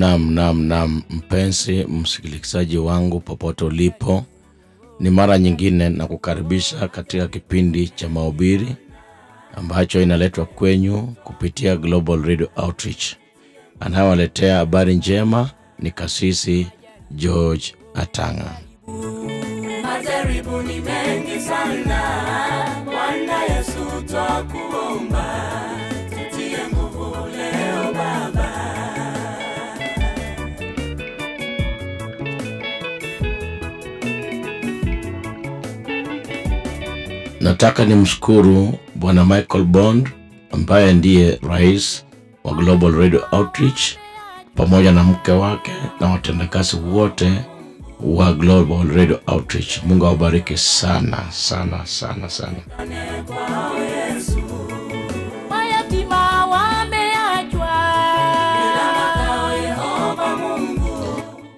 Nam nam nam, mpenzi msikilizaji wangu popote ulipo, ni mara nyingine na kukaribisha katika kipindi cha mahubiri ambacho inaletwa kwenyu kupitia Global Radio Outreach. Anayewaletea habari njema ni kasisi George Atanga. Majaribu ni mengi sana, Bwana Yesu twakuomba Nataka nimshukuru Bwana Michael Bond ambaye ndiye rais wa Global Radio Outreach pamoja na mke wake na watendakazi wote wa Global Radio Outreach. Mungu awabariki sana sana sana sana.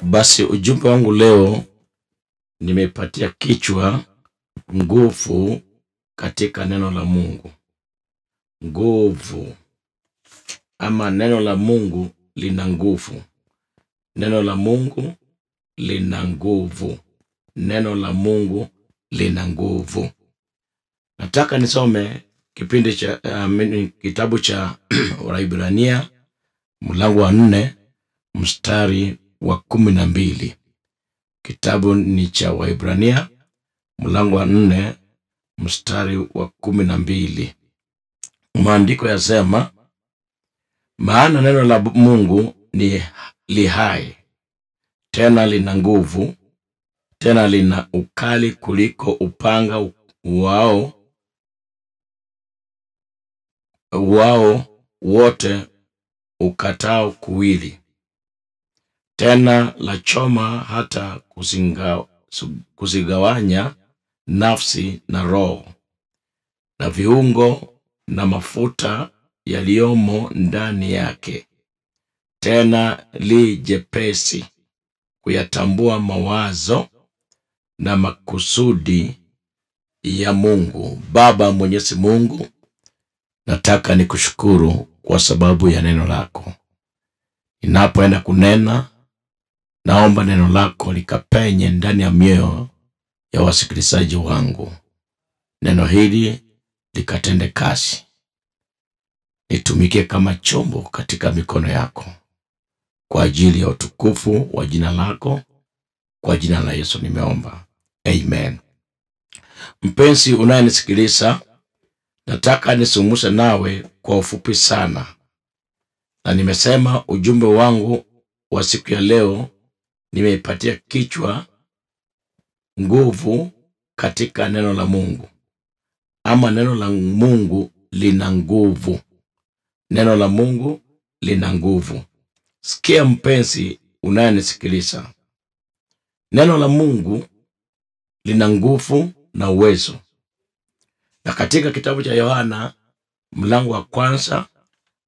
Basi ujumbe wangu leo nimepatia kichwa nguvu katika neno la Mungu. Nguvu ama neno la Mungu lina nguvu. Neno la Mungu lina nguvu. Neno la Mungu lina nguvu. Nataka nisome kipindi cha uh, kitabu cha Waibrania mlango wa nne mstari wa kumi na mbili. Kitabu ni cha Waibrania mlango wa nne mstari wa kumi na mbili maandiko yasema, maana neno la Mungu ni lihai tena lina nguvu tena lina ukali kuliko upanga wao wao wote ukatao kuwili, tena la choma hata kuzigawanya nafsi na roho na viungo na mafuta yaliyomo ndani yake, tena li jepesi kuyatambua mawazo na makusudi ya Mungu Baba. Mwenyezi Mungu, nataka nikushukuru kwa sababu ya neno lako. Ninapoenda kunena, naomba neno lako likapenye ndani ya mioyo ya wasikilizaji wangu. Neno hili likatende kazi, nitumike kama chombo katika mikono yako kwa ajili ya utukufu wa jina lako. Kwa jina la Yesu nimeomba, amen. Mpenzi unayenisikiliza, nataka nisumuse nawe kwa ufupi sana, na nimesema ujumbe wangu wa siku ya leo nimeipatia kichwa nguvu katika neno la Mungu, ama neno la Mungu lina nguvu. Neno la Mungu lina nguvu. Sikia mpenzi unayenisikiliza, neno la Mungu lina nguvu na uwezo. Na katika kitabu cha Yohana mlango wa kwanza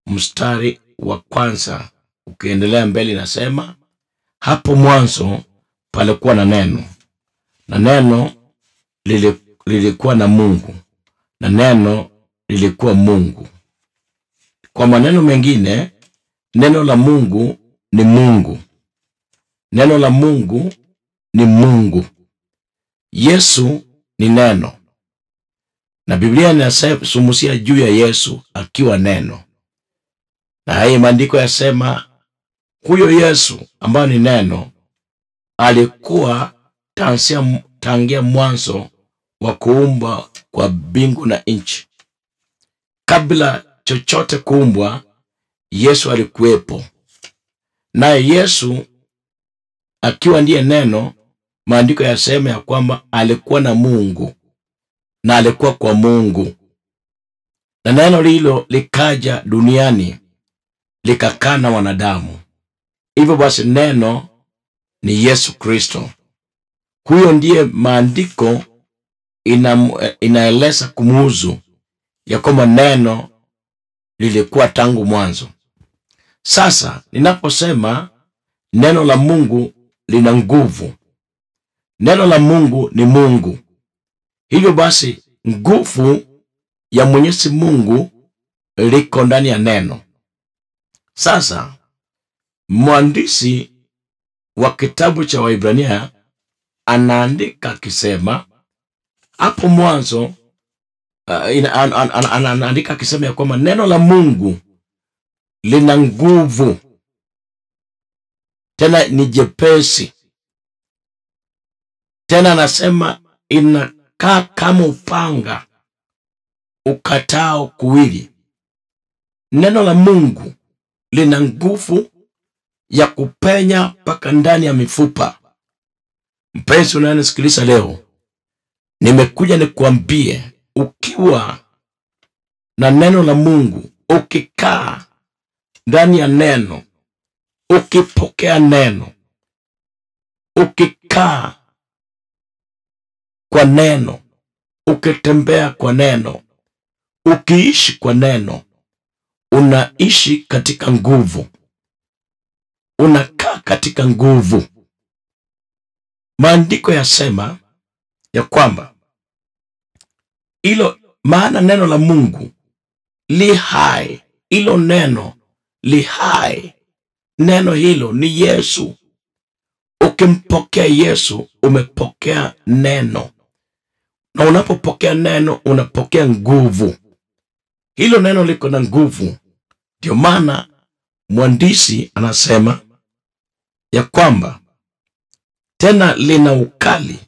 mstari wa kwanza ukiendelea mbele inasema, hapo mwanzo palikuwa na neno na neno lilikuwa na Mungu na neno lilikuwa Mungu. Kwa maneno mengine, neno la Mungu ni Mungu, neno la Mungu ni Mungu. Yesu ni neno, na Biblia inasumusia juu ya Yesu akiwa neno, na haya maandiko yasema huyo Yesu ambayo ni neno alikuwa tansia, tangia mwanzo wa kuumbwa kwa bingu na nchi. Kabla chochote kuumbwa, Yesu alikuwepo, naye Yesu akiwa ndiye neno. Maandiko yasema ya kwamba alikuwa na Mungu na alikuwa kwa Mungu, na neno lilo likaja duniani likakaa na wanadamu. Hivyo basi neno ni Yesu Kristo. Huyo ndiye maandiko ina, inaeleza kumuhusu ya kwamba neno lilikuwa tangu mwanzo. Sasa ninaposema neno la Mungu lina nguvu, neno la Mungu ni Mungu. Hivyo basi nguvu ya Mwenyezi Mungu liko ndani ya neno. Sasa mwandishi wa kitabu cha Waibrania anaandika akisema hapo mwanzo uh, an, an, an, an, anaandika akisema ya kwamba neno la Mungu lina nguvu tena ni jepesi, tena anasema inakaa kama upanga ukatao kuwili. Neno la Mungu lina nguvu ya kupenya mpaka ndani ya mifupa Mpenzi unayenisikiliza leo, nimekuja nikuambie, ukiwa na neno la Mungu, ukikaa ndani ya neno, ukipokea neno, ukikaa kwa neno, ukitembea kwa neno, ukiishi kwa neno, unaishi katika nguvu, unakaa katika nguvu Maandiko yasema ya kwamba ilo maana neno la Mungu li hai, ilo neno li hai. Neno hilo ni Yesu. Ukimpokea Yesu umepokea neno, na unapopokea neno unapokea nguvu. Hilo neno liko na nguvu, ndio maana mwandishi anasema ya kwamba tena lina ukali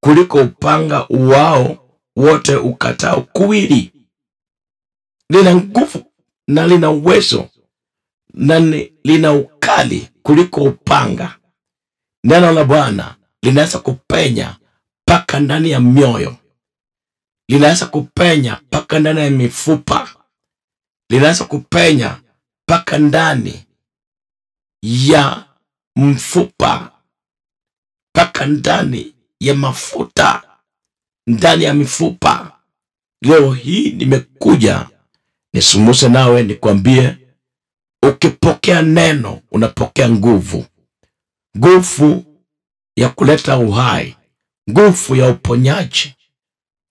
kuliko upanga wao wote ukatao kuwili. Lina nguvu na lina uwezo na lina ukali kuliko upanga. Neno la Bwana linaweza kupenya mpaka ndani ya mioyo, linaweza kupenya mpaka ndani ya mifupa, linaweza kupenya mpaka ndani ya mfupa mpaka ndani ya mafuta, ndani ya mifupa. Leo hii nimekuja nisumuse nawe nikwambie, ukipokea neno unapokea nguvu, nguvu ya kuleta uhai, nguvu ya uponyaji,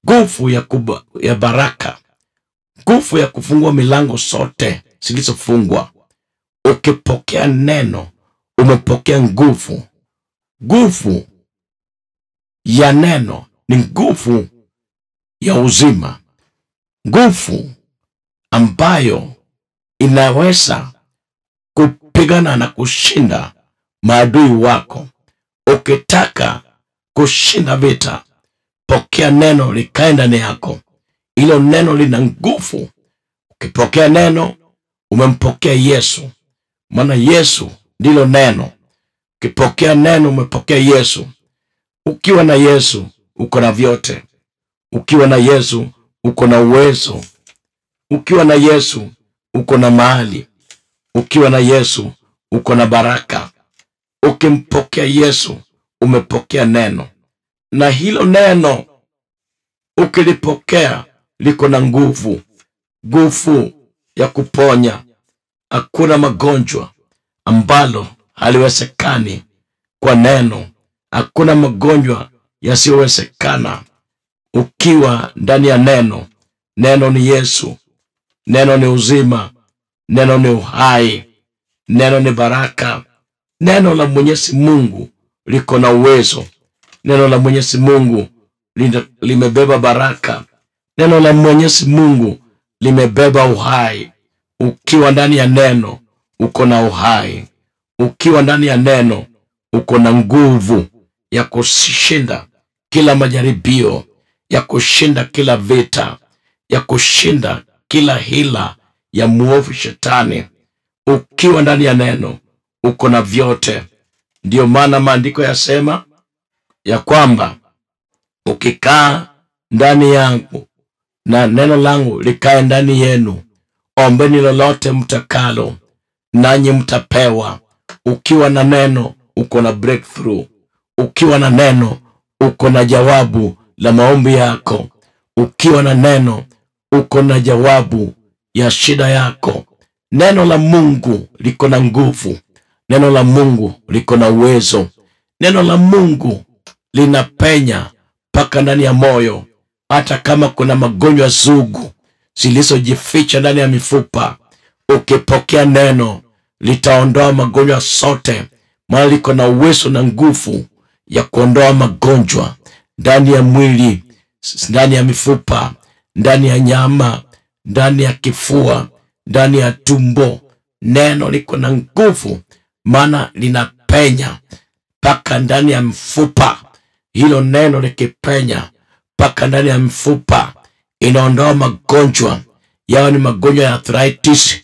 nguvu ya, ya baraka, nguvu ya kufungua milango sote zilizofungwa. Ukipokea neno umepokea nguvu Nguvu ya neno ni nguvu ya uzima, nguvu ambayo inaweza kupigana na kushinda maadui wako. Ukitaka kushinda vita, pokea neno likae ndani yako. Hilo neno lina nguvu. Ukipokea neno, umempokea Yesu, maana Yesu ndilo neno Ukipokea neno, umepokea Yesu. Ukiwa na Yesu uko na vyote. Ukiwa na Yesu uko na uwezo. Ukiwa na Yesu uko na mahali. Ukiwa na Yesu uko na baraka. Ukimpokea Yesu umepokea neno, na hilo neno ukilipokea liko na nguvu, nguvu ya kuponya. Hakuna magonjwa ambalo haliwezekani kwa neno. Hakuna magonjwa yasiyowezekana ukiwa ndani ya neno. Neno ni Yesu, neno ni uzima, neno ni uhai, neno ni baraka. Neno la Mwenyezi Mungu liko na uwezo. Neno la Mwenyezi Mungu limebeba baraka. Neno la Mwenyezi Mungu limebeba uhai. Ukiwa ndani ya neno uko na uhai. Ukiwa ndani ya neno, uko na nguvu ya kushinda kila majaribio, ya kushinda kila vita, ya kushinda kila hila ya mwovu shetani. Ukiwa ndani ya neno, uko na vyote. Ndiyo maana maandiko yasema ya kwamba ukikaa ndani yangu na neno langu likae ndani yenu, ombeni lolote mtakalo, nanyi mtapewa ukiwa na neno uko na breakthrough. Ukiwa na neno uko na jawabu la maombi yako. Ukiwa na neno uko na jawabu ya shida yako. Neno la Mungu liko na nguvu. Neno la Mungu liko na uwezo. Neno la Mungu linapenya mpaka ndani ya moyo, hata kama kuna magonjwa sugu zilizojificha ndani ya mifupa. Ukipokea neno litaondoa magonjwa sote, maana liko na uwezo na nguvu ya kuondoa magonjwa ndani ya mwili, ndani ya mifupa, ndani ya nyama, ndani ya kifua, ndani ya tumbo. Neno liko na nguvu, maana linapenya mpaka ndani ya mfupa. Hilo neno likipenya mpaka ndani ya mfupa, inaondoa magonjwa, yawe ni magonjwa ya arthritis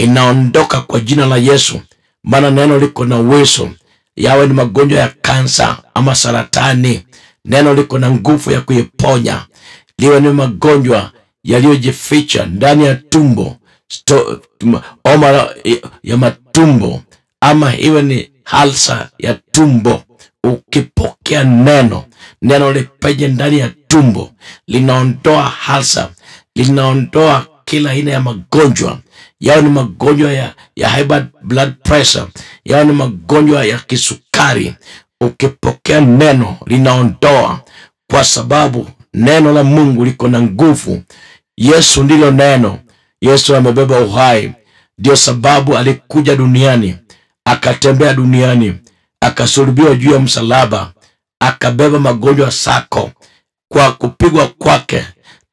inaondoka kwa jina la Yesu, maana neno liko na uwezo. Yawe ni magonjwa ya kansa ama saratani, neno liko na nguvu ya kuiponya. Liwe ni magonjwa yaliyojificha ndani ya tumbo, homa ya matumbo, ama iwe ni halsa ya tumbo. Ukipokea neno, neno lipeje ndani ya tumbo, linaondoa halsa, linaondoa kila aina ya magonjwa yao ni magonjwa ya, ya high blood pressure, yao ni magonjwa ya kisukari. Ukipokea neno linaondoa, kwa sababu neno la Mungu liko na nguvu. Yesu ndilo neno. Yesu amebeba uhai, ndio sababu alikuja duniani, akatembea duniani, akasulubiwa juu ya msalaba, akabeba magonjwa sako. Kwa kupigwa kwake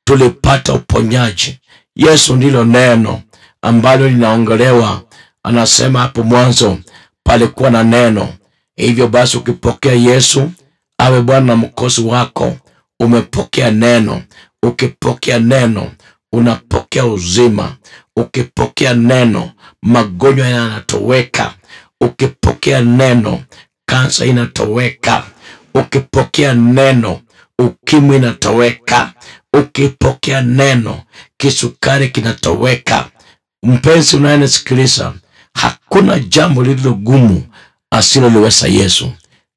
tulipata uponyaji. Yesu ndilo neno ambalo linaongelewa. Anasema hapo mwanzo palikuwa na neno. Hivyo basi, ukipokea Yesu awe Bwana na mkosi wako, umepokea neno. Ukipokea neno unapokea uzima. Ukipokea neno magonjwa yanatoweka. Ukipokea neno kansa inatoweka. Ukipokea neno ukimwi inatoweka. Ukipokea neno kisukari kinatoweka. Mpenzi unayenisikiliza, hakuna jambo lililo gumu asiloliweza Yesu.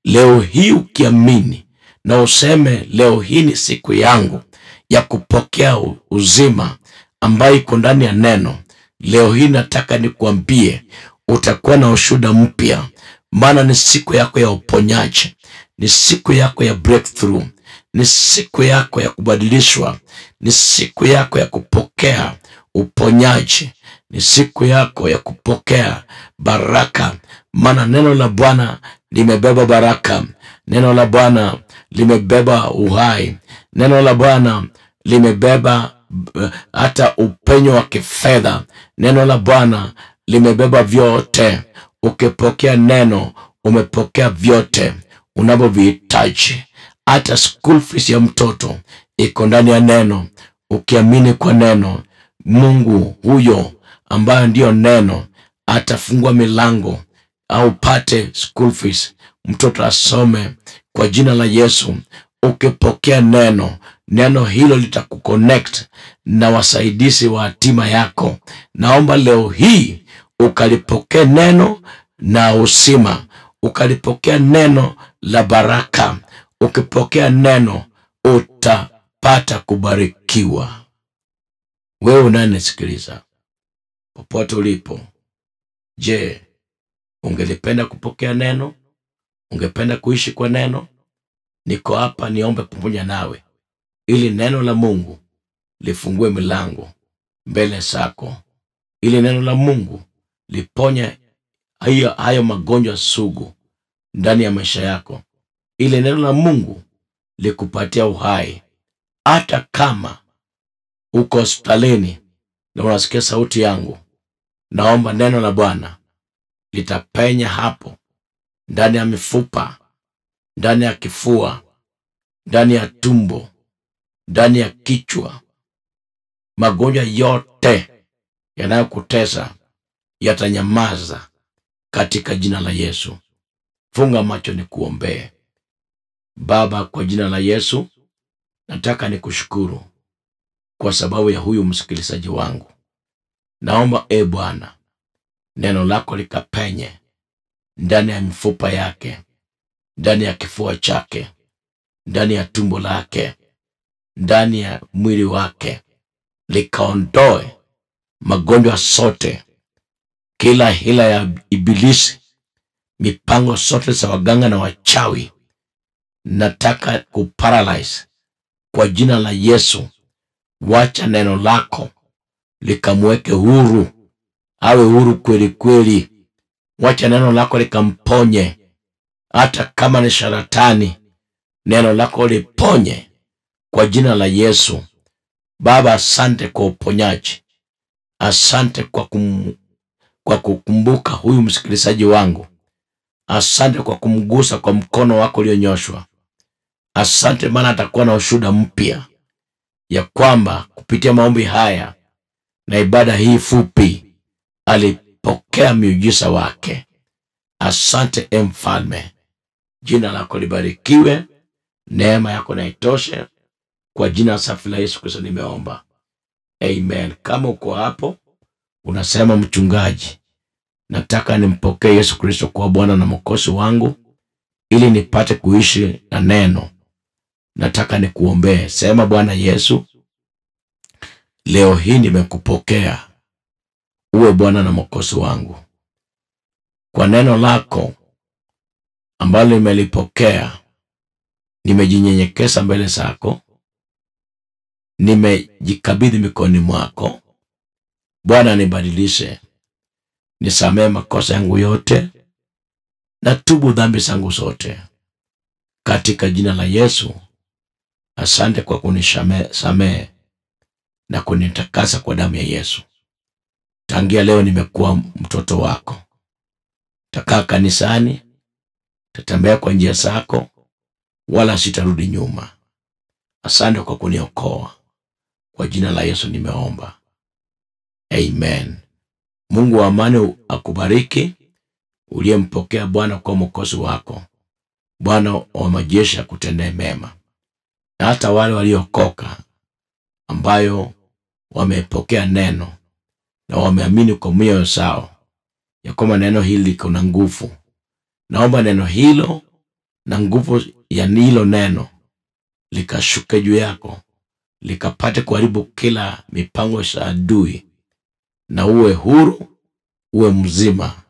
Leo hii ukiamini na useme, leo hii ni siku yangu ya kupokea uzima ambayo iko ndani ya neno. Leo hii nataka nikuambie, utakuwa na ushuhuda mpya, maana ni siku yako ya uponyaji, ni siku yako ya breakthrough, ni siku yako ya kubadilishwa, ni siku yako ya kupokea uponyaji ni siku yako ya kupokea baraka, maana neno la Bwana limebeba baraka, neno la Bwana limebeba uhai, neno la Bwana limebeba eh, hata upenyo wa kifedha. Neno la Bwana limebeba vyote. Ukipokea neno, umepokea vyote unavyovihitaji. Hata school fees ya mtoto iko ndani ya neno. Ukiamini kwa neno, Mungu huyo ambayo ndiyo neno atafungua milango au school fees, mtoto asome kwa jina la Yesu. Ukipokea neno, neno hilo litakuconnect na wasaidizi wa hatima yako. Naomba leo hii ukalipokea neno na usima, ukalipokea neno la baraka. Ukipokea neno utapata kubarikiwa. Wewe unanisikiliza popote ulipo. Je, ungelipenda kupokea neno? Ungependa kuishi kwa neno? Niko hapa niombe pamoja nawe ili neno la Mungu lifungue milango mbele zako, ili neno la Mungu liponye hayo, hayo magonjwa sugu ndani ya maisha yako, ili neno la Mungu likupatia uhai, hata kama uko hospitalini na unasikia sauti yangu Naomba neno la Bwana litapenya hapo ndani ya mifupa, ndani ya kifua, ndani ya tumbo, ndani ya kichwa. Magonjwa yote yanayokutesa yatanyamaza katika jina la Yesu. Funga macho ni kuombee. Baba, kwa jina la Yesu nataka nikushukuru kwa sababu ya huyu msikilizaji wangu naomba e bwana neno lako likapenye ndani ya mifupa yake ndani ya kifua chake ndani ya tumbo lake ndani ya mwili wake likaondoe magonjwa sote kila hila ya ibilisi mipango sote za waganga na wachawi nataka kuparalyze kwa jina la yesu wacha neno lako likamweke huru, awe huru kweli kweli. Wacha neno lako likamponye, hata kama ni sharatani, neno lako liponye kwa jina la Yesu. Baba, asante kwa uponyaji, asante kwa, kum, kwa kukumbuka huyu msikilizaji wangu, asante kwa kumgusa kwa mkono wako ulionyoshwa. Asante maana atakuwa na ushuhuda mpya ya kwamba kupitia maombi haya na ibada hii fupi alipokea miujiza wake. Asante e Mfalme, jina lako libarikiwe, neema yako naitoshe Kwa jina safi la Yesu Kristo nimeomba, amen. Kama uko hapo unasema, mchungaji, nataka nimpokee Yesu Kristo kuwa Bwana na Mwokozi wangu ili nipate kuishi na neno, nataka nikuombee. Sema, Bwana Yesu, leo hii nimekupokea uwe Bwana na Mwokozi wangu. Kwa neno lako ambalo nimelipokea, nimejinyenyekeza mbele zako, nimejikabidhi mikononi mwako. Bwana, nibadilishe, nisamee makosa yangu yote, na tubu dhambi zangu zote, katika jina la Yesu. Asante kwa kunisamee na kunitakasa kwa damu ya Yesu. Tangia leo nimekuwa mtoto wako. Takaa kanisani, tatembea kwa njia zako, wala sitarudi nyuma. Asante kwa kuniokoa. Kwa jina la Yesu nimeomba, amen. Mungu wa amani akubariki, uliyempokea Bwana kwa mwokozi wako. Bwana wa majeshi akutendee mema, na hata wale waliokoka ambayo wamepokea neno na wameamini kwa mioyo yao ya kwamba neno hili liko na nguvu. Naomba neno hilo na nguvu ya hilo neno likashuke juu yako, likapate kuharibu kila mipango ya adui, na uwe huru, uwe mzima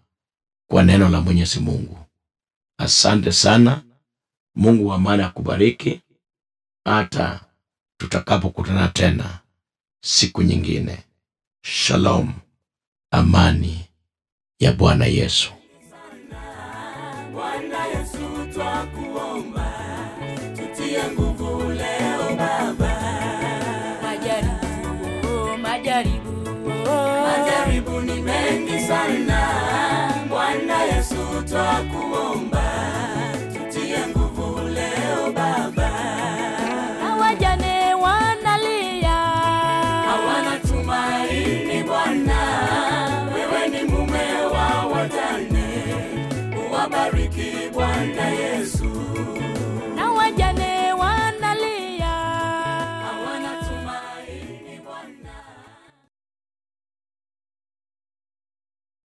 kwa neno la Mwenyezi Mungu. Asante sana. Mungu wa maana akubariki hata tutakapokutana tena siku nyingine. Shalom, amani ya Bwana Yesu. tutie nguvu Baba. majaribu ni mengi sana. Bwana Yesu twakuomba